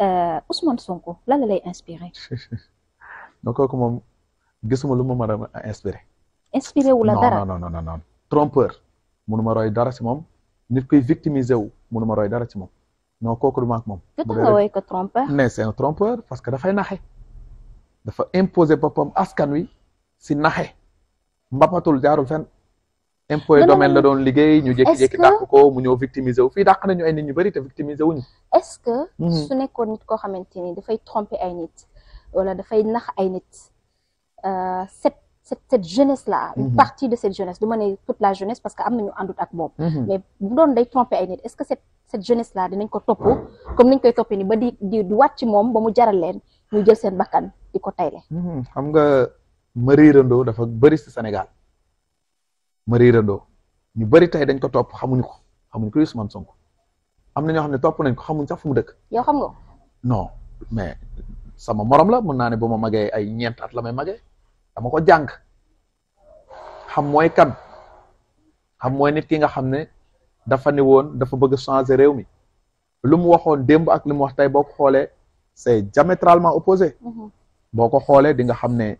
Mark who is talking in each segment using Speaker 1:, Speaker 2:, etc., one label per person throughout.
Speaker 1: Euh, Ousmane Sonko lan la lay inspiré.
Speaker 2: donc kooku moom gisuma lu moom a inspiré.
Speaker 1: inspiré wu la dara non non
Speaker 2: non mënuma roy dara ci moom nit kuy victimiser wu mënuma roy dara ci moom non kooku du ma moom. bu dee nga woy trompeur. parce que dafay naxe. dafa imposer boppam askan wi si naxe mbapatul jaarul fenn. impôt domaine la doon liggéey ñu jékki-jékki dàq ko mu ñëw victimiser wu fii dàq nañu ay nit ñu bëri te victimiser wuñu est-ce que mhm. su
Speaker 1: nekkoon nit koo xamante ni dafay tromper ay nit wala dafay nax ay nit euh, cette cette cette jeunesse là une mhm. partie de cette jeunesse du ma ne toute la jeunesse parce que am nañu àndut ak moom mhm. mais bu doon ce que cette cette jeunesse là dinañ ko topp comme niñ koy toppee ni ba di di di wàcc moom ba mu jaral leen ñu jël seen bakkan di ko tayle
Speaker 2: xam nga mariirandoo dafa bëri si Sénégal ma réerandoo ñu bëri tey dañ ko topp xamuñu ko xamuñu ko Ousmane Sonko am na ñoo xam ne topp nañ ko xamuñ sax fu mu dëkk. yow xam nga. non mais sama morom la mën naa ne bu ma magee ay ñeent at la may magee dama ko jàng xam mooy kan xam mooy nit ki nga xam ne dafa ne woon dafa bëgg changer réew mi lu mu waxoon démb ak li mu wax tey boo ko xoolee c'est diamétralement opposé. Mhm. boo ko xoolee di nga xam ne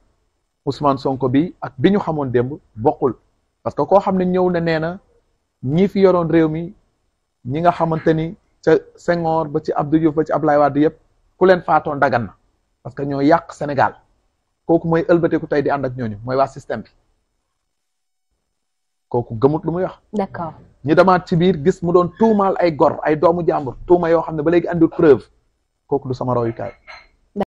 Speaker 2: Ousmane Sonko bi ak bi ñu xamoon démb bokkul. parce que koo xam ne ñëw na nee na ñi fi yoroon réew mi ñi nga xamante ni ca Senghor ba ci Abdou Diouf ba ci Abdoulaye Wade yëpp ku leen faatoon dagan na parce que ñoo yàq Sénégal kooku mooy ëlbateeku tey di ànd ak ñooñu mooy waa système bi kooku gëmut lu muy wax. d'accord ñu demaat ci biir gis mu doon tuumaal ay gor ay doomu jàmbur tuuma yoo xam ne ba léegi andi preuve kooku du sama royukaay.